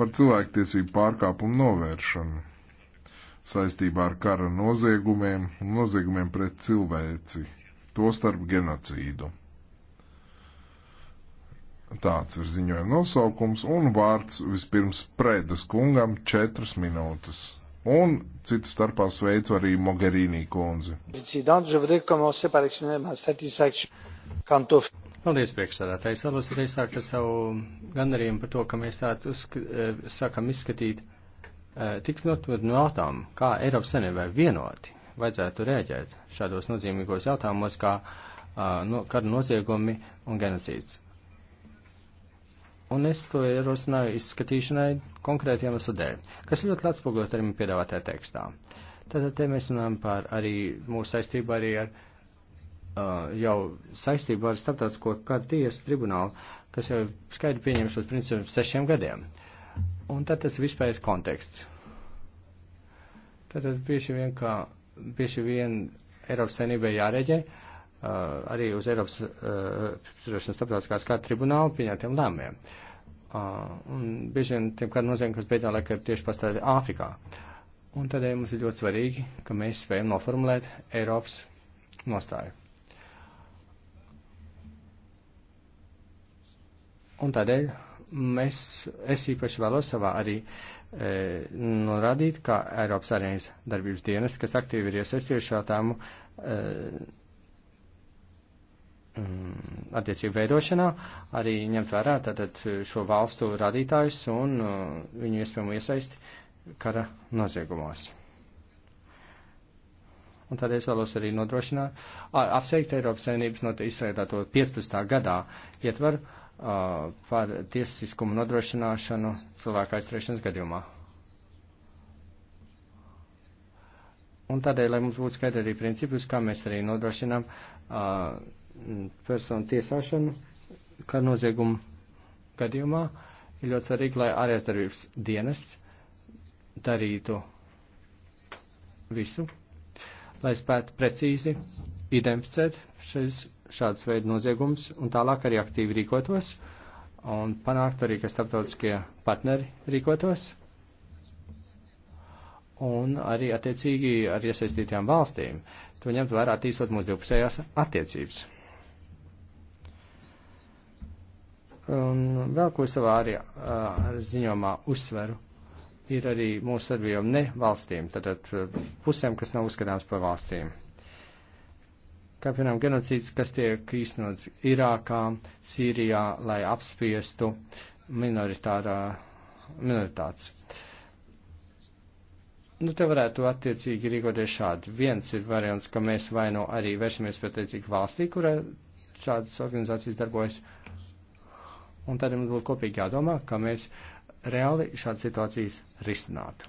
par cilvēktiesību pārkāpumu novēršanu saistībā ar kara noziegumiem un noziegumiem pret cilvēci, tostarp genocīdu. Tāds ir ziņojuma nosaukums un vārds vispirms Prēdas kungam četras minūtes. Un citas starpā sveicu arī Mogherīnī kundzi. Prezident, je voudrais commencer par exprimer ma satisfaction quant au Paldies, priekšsādātājs. Vēlos arī sākt ar savu gandarījumu par to, ka mēs tādu e, sākam izskatīt e, tik notved no jautām, kā Eiropas Savienībai vienoti vajadzētu rēģēt šādos nozīmīgos jautājumos, kā no, kara noziegumi un genocīds. Un es to ierosināju izskatīšanai konkrētiem iemeslu dēļ, kas ļoti atspoguļot arī piedāvātajā tekstā. Tātad te mēs runājam par arī mūsu saistību arī ar uh, jau saistību ar starptautisko kādu tiesu tribunālu, kas jau skaidri pieņem šos principus sešiem gadiem. Un tad tas vispējais konteksts. Tātad bieži vien, kā bieži vien Eiropas saimnībai jārēģē uh, arī uz Eiropas uh, starptautiskās kādu tribunālu pieņemtiem lēmumiem. Uh, un bieži vien tiem kādu nozīmē, kas beidzā laikā ir tieši pastāvi Āfrikā. Un tādēļ mums ir ļoti svarīgi, ka mēs spējam noformulēt Eiropas nostāju. Un tādēļ mēs, es īpaši vēlos savā arī e, norādīt, ka Eiropas arēnas darbības dienas, kas aktīvi ir iesaistījuši jautājumu e, mm, attiecību veidošanā, arī ņemt vērā tātad šo valstu radītājus un e, viņu iespējamo iesaisti kara noziegumos. Un tādēļ es vēlos arī nodrošināt, apsveikt Eiropas Savienības no izstrādāto 15. gadā ietvaru par tiesiskumu nodrošināšanu cilvēku aizturēšanas gadījumā. Un tādēļ, lai mums būtu skaidri arī principus, kā mēs arī nodrošinām uh, personu tiesāšanu, kā noziegumu gadījumā, ir ļoti svarīgi, lai ārējās darbības dienests darītu visu, lai spētu precīzi identificēt šis, šāds veidu noziegums un tālāk arī aktīvi rīkotos un panākt arī, ka starptautiskie partneri rīkotos un arī attiecīgi ar iesaistītajām valstīm. To ņemt vērā attīstot mūsu divpusējās attiecības. Un vēl ko savā arī ar ziņomā uzsveru, ir arī mūsu sadarbība ne valstīm, tātad pusēm, kas nav uzskatāms par valstīm kā piemēram genocīds, kas tiek īstenots Irākā, Sīrijā, lai apspiestu minoritātes. Nu, te varētu attiecīgi rīkoties šādi. Viens ir variants, ka mēs vai nu arī vēršamies pieteicīgi valstī, kurā šādas organizācijas darbojas, un tad mums būtu kopīgi jādomā, ka mēs reāli šādas situācijas risinātu.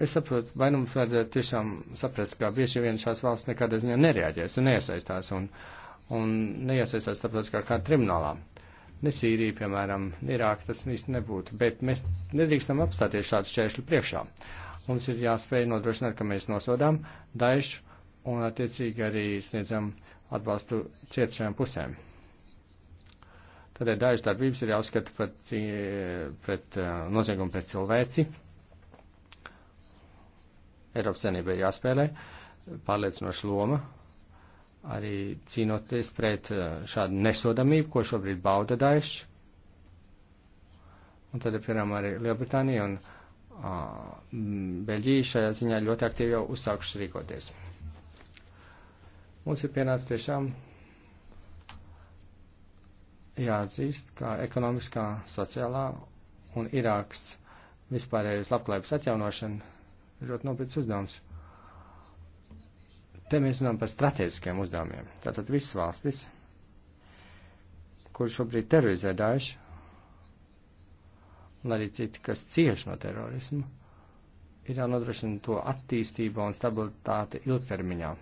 Es saprotu, vai nu mums vajadzētu tiešām saprast, ka bieži vien šās valsts nekādā ziņā nereaģēs un neiesaistās un, un neiesaistās starptautiskā kā kriminālā. Ne Sīrija, piemēram, Irāk, tas īsti nebūtu, bet mēs nedrīkstam apstāties šādu šķēršļu priekšā. Mums ir jāspēj nodrošināt, ka mēs nosodām daišu un attiecīgi arī sniedzam atbalstu cietušajām pusēm. Tādēļ daļas darbības ir jāuzskata pret, pret eh, noziegumu pret cilvēci. Eiropas Savienībai jāspēlē pārliecinoša loma, arī cīnoties pret uh, šādu nesodamību, ko šobrīd bauda Daesh. Un tad, piemēram, arī Lielbritānija un uh, Beļģija šajā ziņā ļoti aktīvi jau uzsākušas rīkoties. Mums ir pienācis tiešām jāatzīst, ka ekonomiskā, sociālā un Irāks vispārējais labklājības atjaunošana ļoti nopietns uzdevums. Te mēs runājam par strateģiskiem uzdevumiem. Tātad visas valstis, kur šobrīd terorizē Daesh, un arī citi, kas cieš no terorismu, ir jānodrošina to attīstība un stabilitāte ilgtermiņā,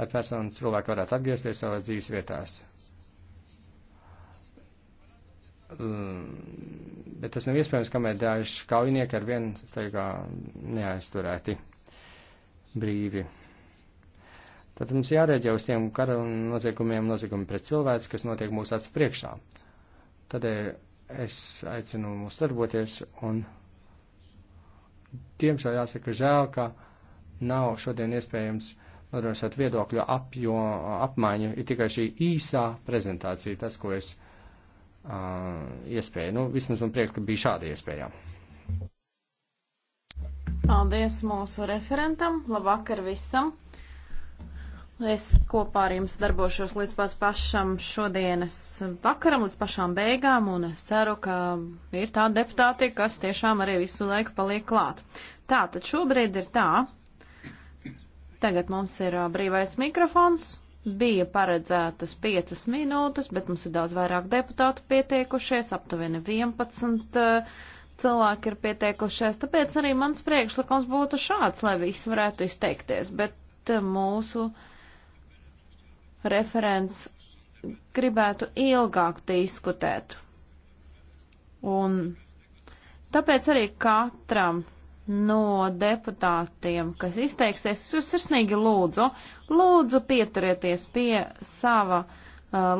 lai personas cilvēki varētu atgriezties savās dzīves vietās. Mm, bet tas nav iespējams, kamēr daži kaujinieki ar vienu steigā neaizturēti brīvi. Tad mums jārēģē uz tiem kara noziegumiem, noziegumi pret cilvēks, kas notiek mūsu acu priekšā. Tādēļ eh, es aicinu mūs sarboties un tiemžēl jāsaka žēl, ka nav šodien iespējams nodrošināt viedokļu apjo, apmaiņu, ir tikai šī īsā prezentācija, tas, ko es iespēja. Nu, vismaz man prieks, ka bija šāda iespēja. Paldies mūsu referentam, labvakar visam. Es kopā ar jums darbošos līdz pat pašam šodienas vakaram, līdz pašām beigām, un es ceru, ka ir tādi deputāti, kas tiešām arī visu laiku paliek klāt. Tā, tad šobrīd ir tā. Tagad mums ir brīvais mikrofons, Bija paredzētas 5 minūtes, bet mums ir daudz vairāk deputātu pieteikušies, aptuveni 11 uh, eh, cilvēki ir pieteikušies, tāpēc arī mans priekšlikums būtu šāds, lai visi varētu izteikties, bet uh, mūsu referents gribētu ilgāk diskutēt. Un tāpēc arī katram no deputātiem, kas izteiksies, es jūs sirsnīgi lūdzu, lūdzu pieturieties pie sava uh,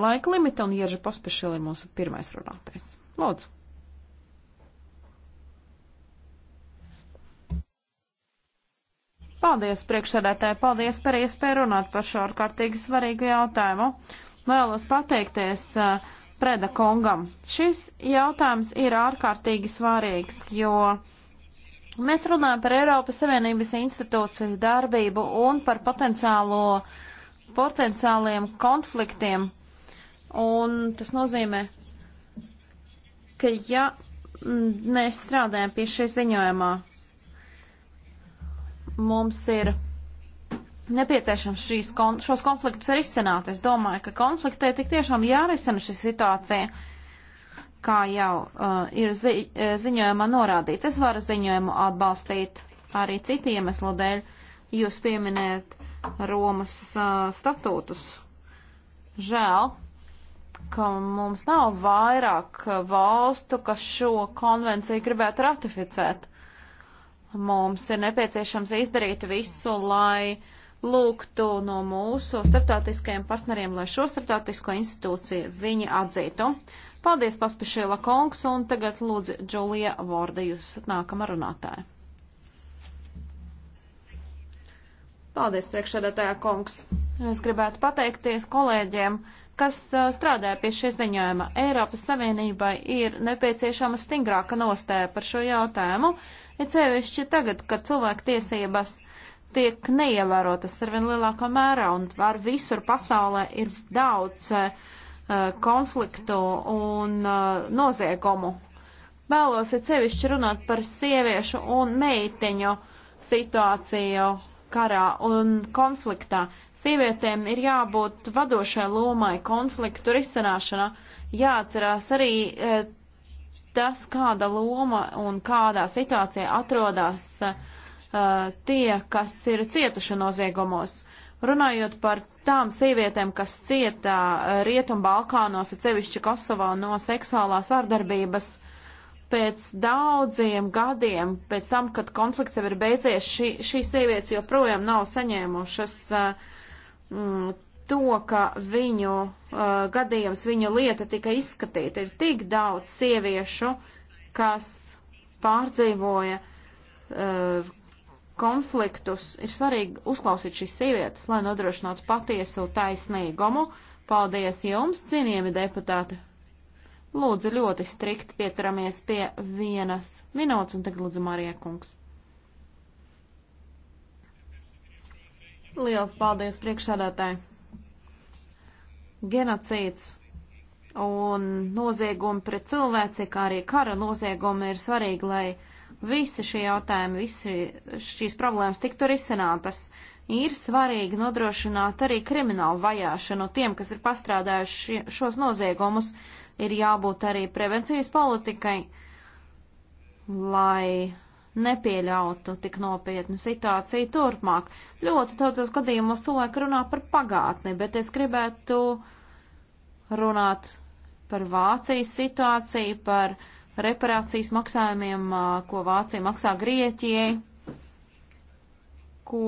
laika limita, un Ieža Pospešili ir mūsu pirmais runātais. Lūdzu. Paldies, priekšsēdētāji, paldies par iespēju runāt par šo ārkārtīgi svarīgu jautājumu. Vēlos pateikties uh, Preda kungam. Šis jautājums ir ārkārtīgi svarīgs, jo uh, Mēs runājam par Eiropas Savienības institūciju darbību un par potenciālo, potenciāliem konfliktiem. Un tas nozīmē, ka ja mēs strādājam pie šī ziņojumā, mums ir nepieciešams šīs, kon šos konfliktus risināt. Es domāju, ka konfliktē tik tiešām jārisina šī situācija kā jau uh, ir zi uh, ziņojumā norādīts. Es varu ziņojumu atbalstīt arī citu iemeslu dēļ. Jūs pieminējat Romas uh, statūtus. Žēl, ka mums nav vairāk valstu, kas šo konvenciju gribētu ratificēt. Mums ir nepieciešams izdarīt visu, lai uh, lūgtu no mūsu starptautiskajiem partneriem, lai šo starptautisko institūciju viņi atzītu. Paldies, Paspišēla kungs, un tagad lūdzu Džolija Vorda, jūs esat nākamā runātāja. Paldies, priekšsēdētājā kungs. Es gribētu pateikties kolēģiem, kas strādāja pie šī ziņojuma. Eiropas Savienībai ir nepieciešama stingrāka nostāja par šo jautājumu, it sevišķi tagad, kad cilvēktiesības tiek neievērotas ar vien lielākā mērā un var visur pasaulē ir daudz uh, Uh, konfliktu un uh, noziegumu. Vēlos ir sevišķi runāt par sieviešu un meiteņu situāciju karā un konfliktā. Sievietēm ir jābūt vadošai lomai konfliktu risināšanā. Jāatcerās arī e, tas, kāda loma un kādā situācijā atrodas e, tie, kas ir cietuši noziegumos. Runājot par tām sievietēm, kas cieta eh, Rietumbalkānos, atsevišķi Kosovā no seksuālās vardarbības, pēc daudziem gadiem, pēc tam, kad konflikts jau ir beidzies, šī, šīs sievietes joprojām nav saņēmušas eh, mm, to, ka viņu uh, gadījums, viņu lieta tika izskatīta. Ir tik daudz sieviešu, kas pārdzīvoja uh, konfliktus, ir svarīgi uzklausīt šīs sievietes, lai nodrošinātu patiesu taisnīgumu. Paldies jums, cienījami deputāti! Lūdzu, ļoti strikt pieturamies pie vienas minūtes, un tagad lūdzu Marija kungs. Liels paldies priekšsādātāji! Genocīds un noziegumi pret cilvēci, kā arī kara noziegumi ir svarīgi, lai visi šie jautājumi, visi šīs problēmas tiktu risinātas. Ir svarīgi nodrošināt arī kriminālu vajāšanu tiem, kas ir pastrādājuši šos noziegumus. Ir jābūt arī prevencijas politikai, lai nepieļautu tik nopietnu situāciju turpmāk. Ļoti daudzos gadījumos cilvēki runā par pagātni, bet es gribētu runāt par Vācijas situāciju, par uh, reparācijas maksājumiem, ko Vācija maksā Grieķijai, ko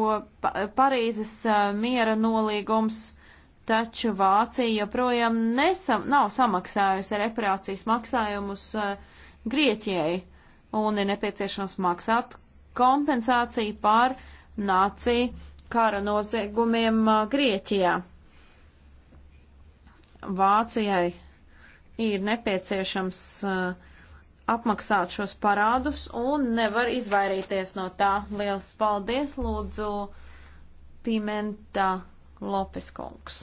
Parīzes miera nolīgums, taču Vācija joprojām nesam, nav samaksājusi reparācijas maksājumus Grieķijai un ir nepieciešams maksāt kompensāciju par nāciju kara noziegumiem Grieķijā. Vācijai ir nepieciešams uh, apmaksāt šos parādus un nevar izvairīties no tā. Liels paldies, lūdzu, Pimenta Lopes kungs.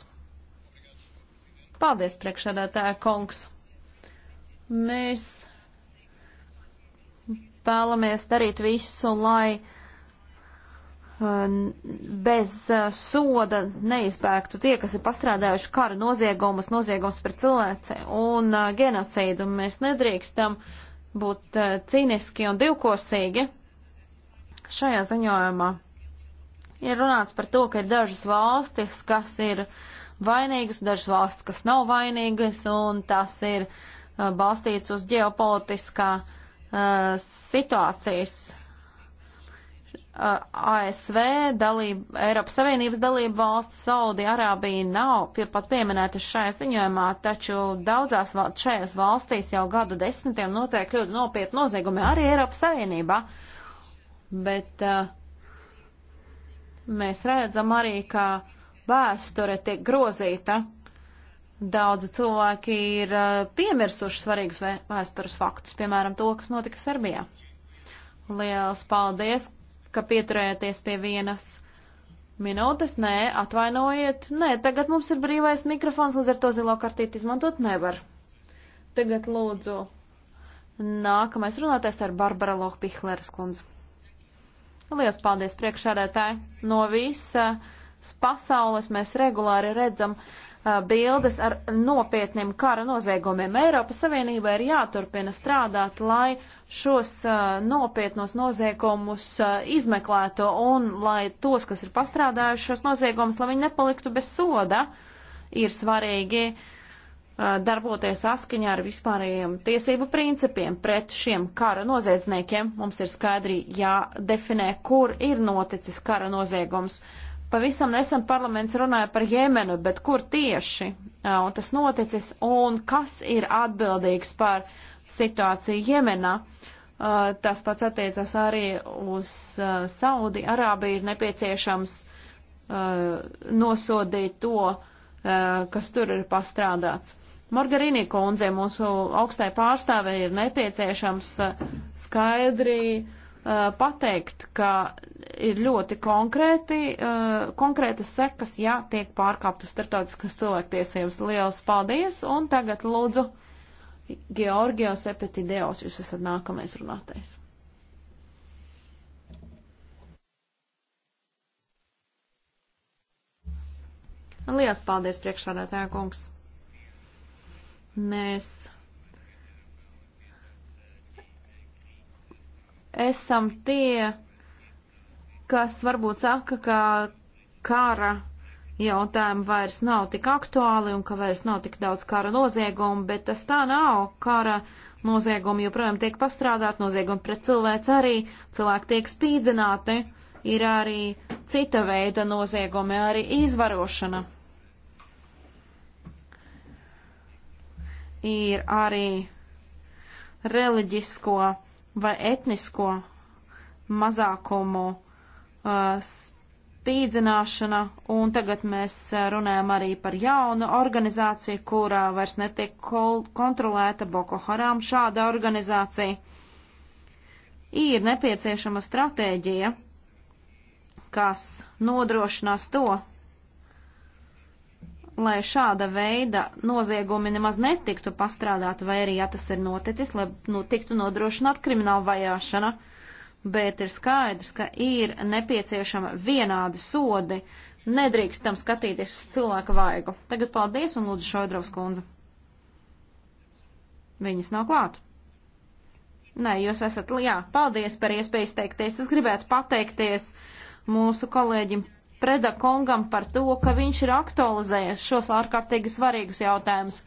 Paldies, priekšsēdētāja kungs. Mēs vēlamies darīt visu, lai uh, bez uh, soda neizbēgtu tie, kas ir pastrādājuši kara noziegumus, noziegumus par cilvēci un uh, genocīdu. Mēs nedrīkstam uh, būt eh, cīniski un divkosīgi. Šajā ziņojumā ir runāts par to, ka ir dažas valstis, kas ir vainīgas, dažas valstis, kas nav vainīgas, un tas ir eh, balstīts uz ģeopolitiskā uh, situācijas ASV, dalība, Eiropas Savienības dalība valsts, Saudi Arābija nav pie, pat pieminētas šajā ziņojumā, taču daudzās val, šajās valstīs jau gadu desmitiem notiek ļoti nopietni noziegumi arī Eiropas Savienībā. Bet uh, mēs redzam arī, ka vēsture tiek grozīta. Daudzi cilvēki ir uh, piemirsuši svarīgus vēstures faktus, piemēram, to, kas notika Serbijā. Lielas paldies, ka pieturējāties pie vienas minūtes. Nē, atvainojiet. Nē, tagad mums ir brīvais mikrofons, līdz ar to zilo kartīti izmantot nevar. Tagad lūdzu. Nākamais runātais ir Barbara Lohpihleres kundze. Lielas paldies priekšādētāji. No visas pasaules mēs regulāri redzam uh, bildes ar nopietniem kara noziegumiem. Eiropas Savienībai ir jāturpina strādāt, lai uh, šos uh, nopietnos noziegumus uh, izmeklētu un lai tos, kas ir pastrādājuši šos noziegumus, lai viņi nepaliktu bez soda, ir svarīgi uh, darboties askaņā ar vispārējiem tiesību principiem pret šiem kara noziedzniekiem. Mums ir skaidri jādefinē, kur ir noticis kara noziegums. Pavisam nesen parlaments runāja par Jemenu, bet kur tieši un tas noticis un kas ir atbildīgs par situāciju Jemenā. Uh, tas pats attiecas arī uz uh, Saudi Arābiju. Ir nepieciešams uh, nosodīt to, uh, kas tur ir pastrādāts. Margarīnī kundze, mūsu augstai pārstāvē ir nepieciešams uh, skaidri uh, pateikt, ka ir ļoti konkrēti, konkrētas sekas, ja tiek pārkāptas starptautiskas cilvēktiesības. Lielas paldies, un tagad lūdzu Georgijos Epetideos, jūs esat nākamais runātais. Lielas paldies priekšādātāja kungs. Mēs esam tie, kas varbūt saka, ka kara jautājumi vairs nav tik aktuāli un ka vairs nav tik daudz kara noziegumu, bet tas tā nav. Kara noziegumi joprojām tiek pastrādāt, noziegumi pret cilvēks arī, cilvēki tiek spīdzināti, ir arī cita veida noziegumi, arī izvarošana. Ir arī reliģisko vai etnisko mazākumu uh, spīdzināšana, un tagad mēs eh, runājam arī par jaunu organizāciju, kurā vairs netiek kontrolēta Boko Haram šāda organizācija. Ir nepieciešama stratēģija, kas nodrošinās to, lai šāda veida noziegumi nemaz netiktu pastrādāti, vai arī, ja tas ir noticis, lai nu, tiktu nodrošināta krimināla vajāšana bet ir skaidrs, ka ir nepieciešama vienādi sodi. Nedrīkst tam skatīties uz cilvēka vaigu. Tagad paldies un lūdzu Šoidrovs kundze. Viņas nav klāt. Nē, jūs esat, jā, paldies par iespēju izteikties. Es gribētu pateikties mūsu kolēģim Preda Kongam par to, ka viņš ir aktualizējis šos ārkārtīgi svarīgus jautājumus.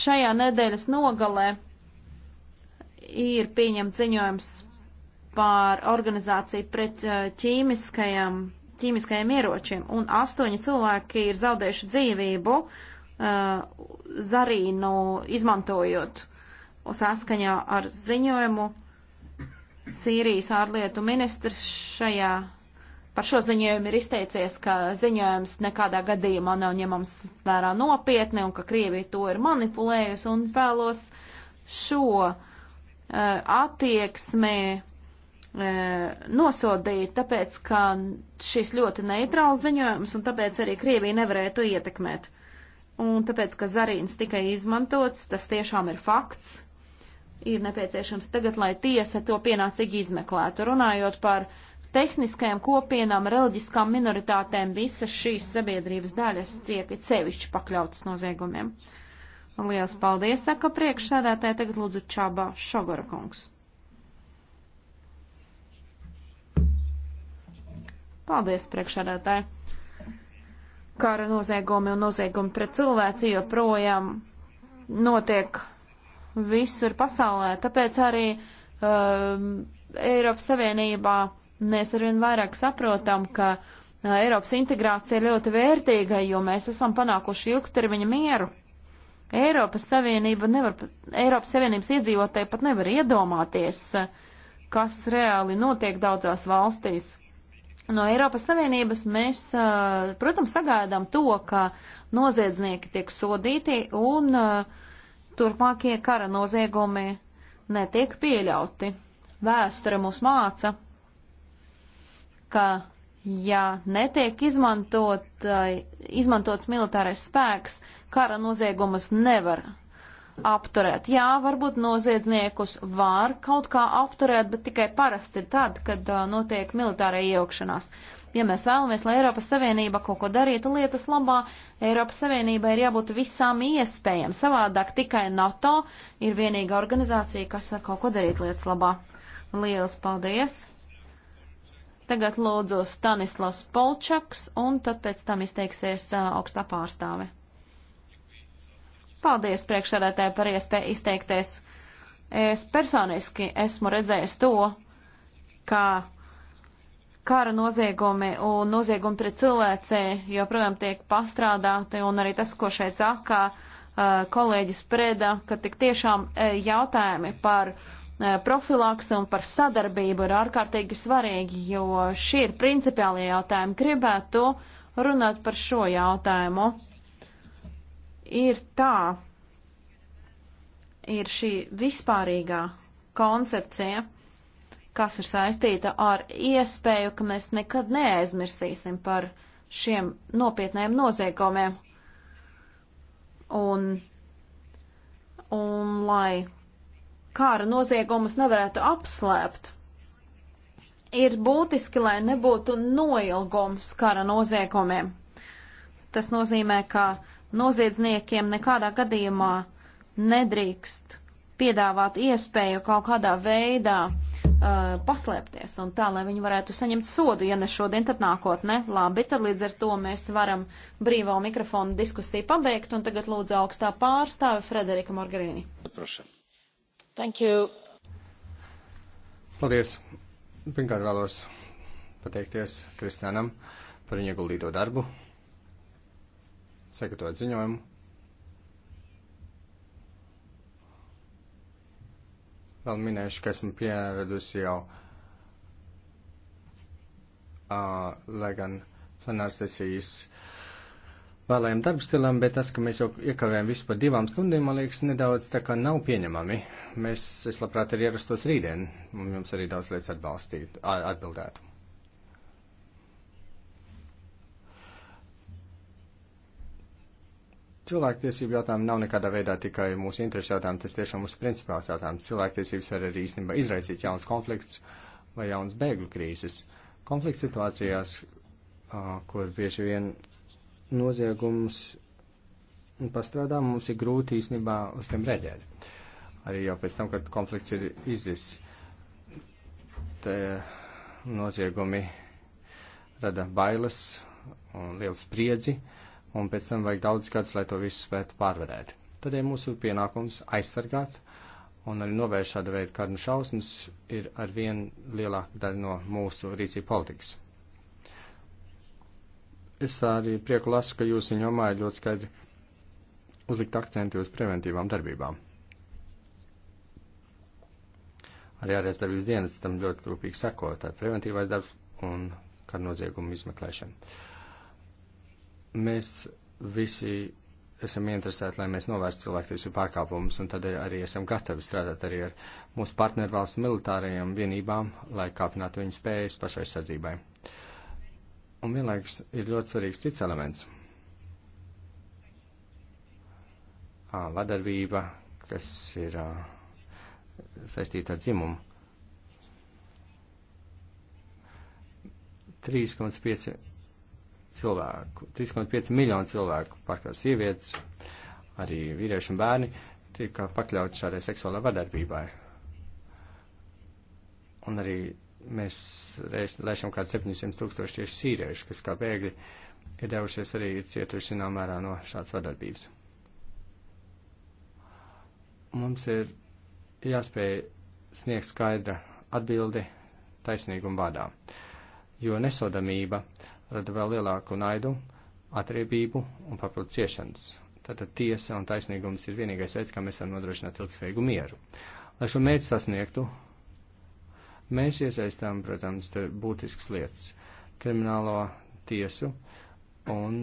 Šajā nedēļas nogalē ir pieņemts ziņojums par organizāciju pret eh, ķīmiskajam, ķīmiskajiem ieročiem, un astoņi cilvēki ir zaudējuši dzīvību uh, zarīnu izmantojot saskaņā ar ziņojumu. Sīrijas ārlietu ministrs šajā par šo ziņojumu ir izteicies, ka ziņojums nekādā gadījumā nav ņemams vērā nopietni un ka Krievija to ir manipulējusi un vēlos šo uh, attieksmi E, nosodīt, tāpēc, ka šis ļoti neitrāls ziņojums un tāpēc arī Krievija nevarēja to ietekmēt. Un tāpēc, ka zarīns tikai izmantots, tas tiešām ir fakts, ir nepieciešams tagad, lai tiesa to pienācīgi izmeklētu. Runājot par tehniskajām kopienām, reliģiskām minoritātēm, visas šīs sabiedrības daļas tiek sevišķi pakļautas noziegumiem. Lielas paldies, saka priekšsēdētāji, tagad lūdzu Čaba Šogora kungs. Paldies, priekšsēdētāji! Kara noziegumi un noziegumi pret cilvēci joprojām notiek visur pasaulē, tāpēc arī um, Eiropas Savienībā mēs arvien vairāk saprotam, ka uh, Eiropas integrācija ir ļoti vērtīga, jo mēs esam panākuši ilgtermiņa mieru. Eiropas Savienība nevar, Eiropas Savienības iedzīvotāji pat nevar iedomāties, kas reāli notiek daudzās valstīs. No Eiropas Savienības mēs, protams, sagaidām to, ka noziedznieki tiek sodīti un turpmākie kara noziegumi netiek pieļauti. Vēsture mūs māca, ka ja netiek izmantot, izmantots militārais spēks, kara noziegumus nevar apturēt. Jā, varbūt noziedzniekus var kaut kā apturēt, bet tikai parasti tad, kad uh, notiek militāra iejaukšanās. Ja mēs vēlamies, lai Eiropas Savienība kaut ko darītu lietas labā, Eiropas Savienība ir jābūt visām iespējām. Savādāk tikai NATO ir vienīga organizācija, kas var kaut ko darīt lietas labā. Lielas paldies! Tagad lūdzu Stanislavs Polčaks, un tad pēc tam izteiksies uh, augstā pārstāve. Paldies priekšsēdētāji par iespēju izteikties. Es personiski esmu redzējis to, ka kara noziegumi un noziegumi pret cilvēcei joprojām tiek pastrādāti, un arī tas, ko šeit saka uh, kolēģis Preda, ka tik tiešām uh, jautājumi par uh, profilakse un par sadarbību ir ārkārtīgi svarīgi, jo šie ir principiālie jautājumi. Gribētu runāt par šo jautājumu ir tā, ir šī vispārīgā koncepcija, kas ir saistīta ar iespēju, ka mēs nekad neaizmirsīsim par šiem nopietniem noziegumiem. Un, un lai kāra noziegumus nevarētu apslēpt, ir būtiski, lai nebūtu noilgums kara noziegumiem. Tas nozīmē, ka noziedzniekiem nekādā gadījumā nedrīkst piedāvāt iespēju kaut kādā veidā uh, paslēpties un tā, lai viņi varētu saņemt sodu, ja ne šodien, tad nākotnē. Labi, tad līdz ar to mēs varam brīvā mikrofona diskusiju pabeigt un tagad lūdzu augstā pārstāve Frederika Morgarini. Thank you. Paldies. Pirmkārt vēlos pateikties Kristianam par viņa ieguldīto darbu sagatavot ziņojumu. Vēl minēšu, ka esmu pieradusi jau, uh, lai gan plenārsesijas vēlējiem darbstilam, bet tas, ka mēs jau iekavējam visu par divām stundām, man liekas, nedaudz tā kā nav pieņemami. Mēs, es labprāt, arī ierastos rītdien, un jums arī daudz lietas atbalstīt, atbildētu. cilvēktiesību jautājumi nav nekādā veidā tikai mūsu interesu jautājumi, tas tiešām mūsu principāls jautājums. Cilvēktiesības var arī īstenībā izraisīt jauns konflikts vai jauns bēgļu krīzes. Konflikts situācijās, kur bieži vien noziegums pastrādā, mums ir grūti īstenībā uz tiem reģēt. Arī jau pēc tam, kad konflikts ir izdzis, noziegumi rada bailes un lielu spriedzi. Uh, un pēc tam vajag daudz gadus, lai to visu spētu pārvarēt. Tad ir mūsu pienākums aizsargāt un arī novērst šāda veida karnu šausmas ir ar vien lielāka daļa no mūsu rīcība politikas. Es arī prieku lasu, ka jūs viņomā ir ļoti skaidri uzlikt akcenti uz preventīvām darbībām. Arī ārējās darbības dienas tam ļoti rūpīgi seko, tā preventīvais darbs un karnozieguma izmeklēšana. Uh, Mēs visi esam interesēti, lai mēs novērstu cilvēktiesību pārkāpumus, un tad arī esam gatavi strādāt arī ar mūsu partnervalstu militārajām vienībām, lai kāpinātu viņu spējas pašaizsardzībai. Un vienlaikus ir ļoti svarīgs cits elements. À, vadarbība, kas ir à, saistīta ar dzimumu. 3,5 cilvēku, 3,5 miljonu cilvēku, pārkā sievietes, arī vīrieši un bērni, tika pakļauti šādai seksuālai vardarbībai. Un arī mēs lēšam kādu 700 tūkstoši tieši sīriešu, kas kā bēgļi ir devušies arī cietuši zināmā mērā no šādas vardarbības. Mums ir jāspēj sniegt skaidra atbildi taisnīgumu vārdā, jo nesodamība rada vēl lielāku naidu, atriebību un papildu ciešanas. Tātad tiesa un taisnīgums ir vienīgais veids, kā mēs varam nodrošināt ilgspējīgu mieru. Lai šo mērķu sasniegtu, mēs iesaistām, protams, būtiskas lietas - kriminālo tiesu un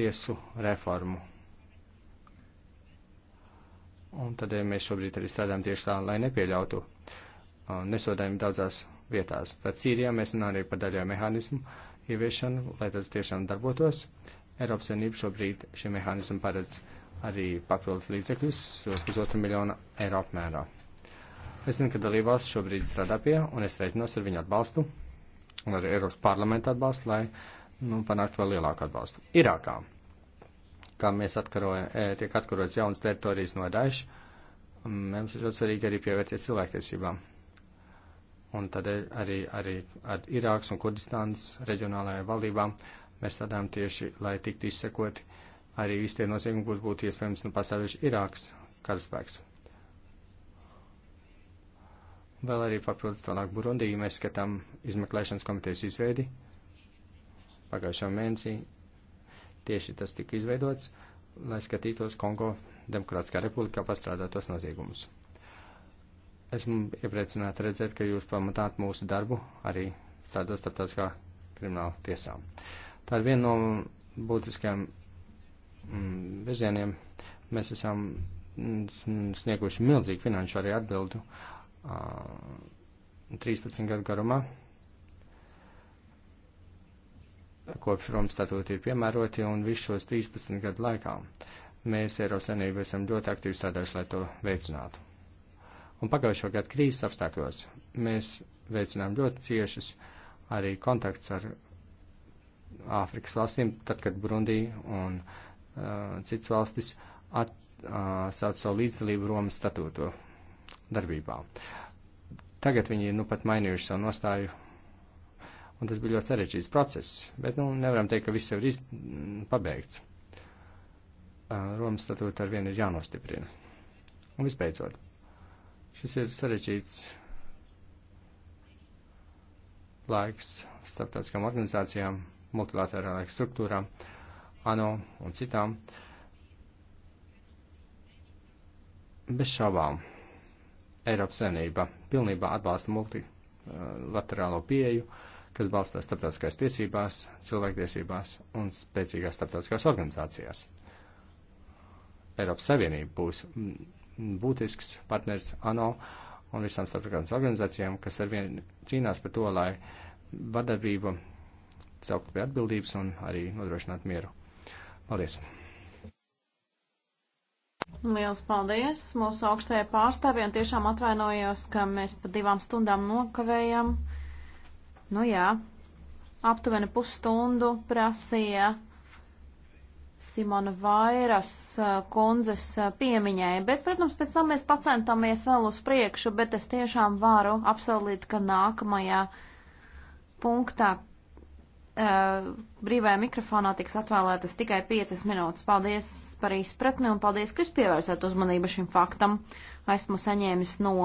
tiesu reformu. Un tad ja mēs šobrīd arī strādājam tieši tā, lai nepieļautu uh, nesodājumu daudzās vietās. Tad Sīrijā mēs runājam arī par daļēju mehānismu, uh, ieviešanu, lai tas tiešām darbotos. Eiropas Savienība šobrīd šim mehānismam paredz arī papildus līdzekļus pusotra miljona eiro apmērā. Es zinu, ka dalībās šobrīd strādā pie, un es reiķinos ar viņu atbalstu, un ar Eiropas parlamentu atbalstu, lai nu, panāktu vēl lielāku atbalstu. Irākā, kā mēs atkarojam, e, tiek atkarots jaunas teritorijas no Daesh, mums ir ļoti svarīgi arī pievērties cilvēktiesībām un tādēļ e- arī, arī ar Irāks un Kurdistānas reģionālajām valdībām mēs strādājam tieši, lai tiktu izsekoti arī visi tie noziegumi, kurus būtu iespējams nu pastāvējuši Irāks karaspēks. Vēl arī papildus tālāk Burundī mēs skatām izmeklēšanas komitejas izveidi pagājušā mēnesī. Tieši tas tika izveidots, lai skatītos Kongo Demokrātiskā republikā pastrādātos noziegumus. Esmu iepriecināta redzēt, ka jūs pamatāt mūsu darbu arī strādāt starptautiskā krimināla tiesā. Tā ir viena no būtiskajām mm, virzieniem. Mēs esam mm, snieguši milzīgu finanšu arī atbildu uh, 13 gadu garumā. Kopš Romas statūti ir piemēroti un visu šos 13 gadu laikā mēs Eiropas Savienību esam ļoti aktīvi strādājuši, lai to veicinātu. Un pagājušo gadu krīzes apstākļos mēs veicinām ļoti ciešas arī kontakts ar Āfrikas valstīm, tad, kad Brundī un uh, cits valstis atsāca uh, savu līdzdalību Romas statūto darbībā. Tagad viņi ir nu pat mainījuši savu nostāju, un tas bija ļoti sarežģīts process, bet nu nevaram teikt, ka viss jau ir iz... Mm, pabeigts. Uh, Romas statūta ar vienu ir jānostiprina. Un visbeidzot. Šis ir sarežģīts laiks starptautiskām organizācijām, multilaterālajām struktūrām, ANO un citām. Bez šaubām Eiropas Savienība pilnībā atbalsta multilaterālo pieeju, kas balstās starptautiskās tiesībās, cilvēktiesībās un spēcīgās starptautiskās organizācijās. Eiropas Savienība būs būtisks partners ANO un visām starptautiskām organizācijām, kas arvien cīnās par to, lai vadarbība saukt pie atbildības un arī nodrošināt mieru. Paldies! Liels paldies mūsu augstajai pārstāvjai un tiešām atvainojos, ka mēs pa divām stundām nokavējam. Nu jā, aptuveni pusstundu prasīja Simona Vairas eh, kundzes eh, piemiņai, bet, protams, pēc tam mēs pacentāmies vēl uz priekšu, bet es tiešām varu apsolīt, ka nākamajā punktā uh, brīvajā mikrofonā tiks atvēlētas tikai 5 minūtes. Paldies par izpratni un paldies, ka jūs pievērsāt uzmanību šim faktam. Esmu saņēmis no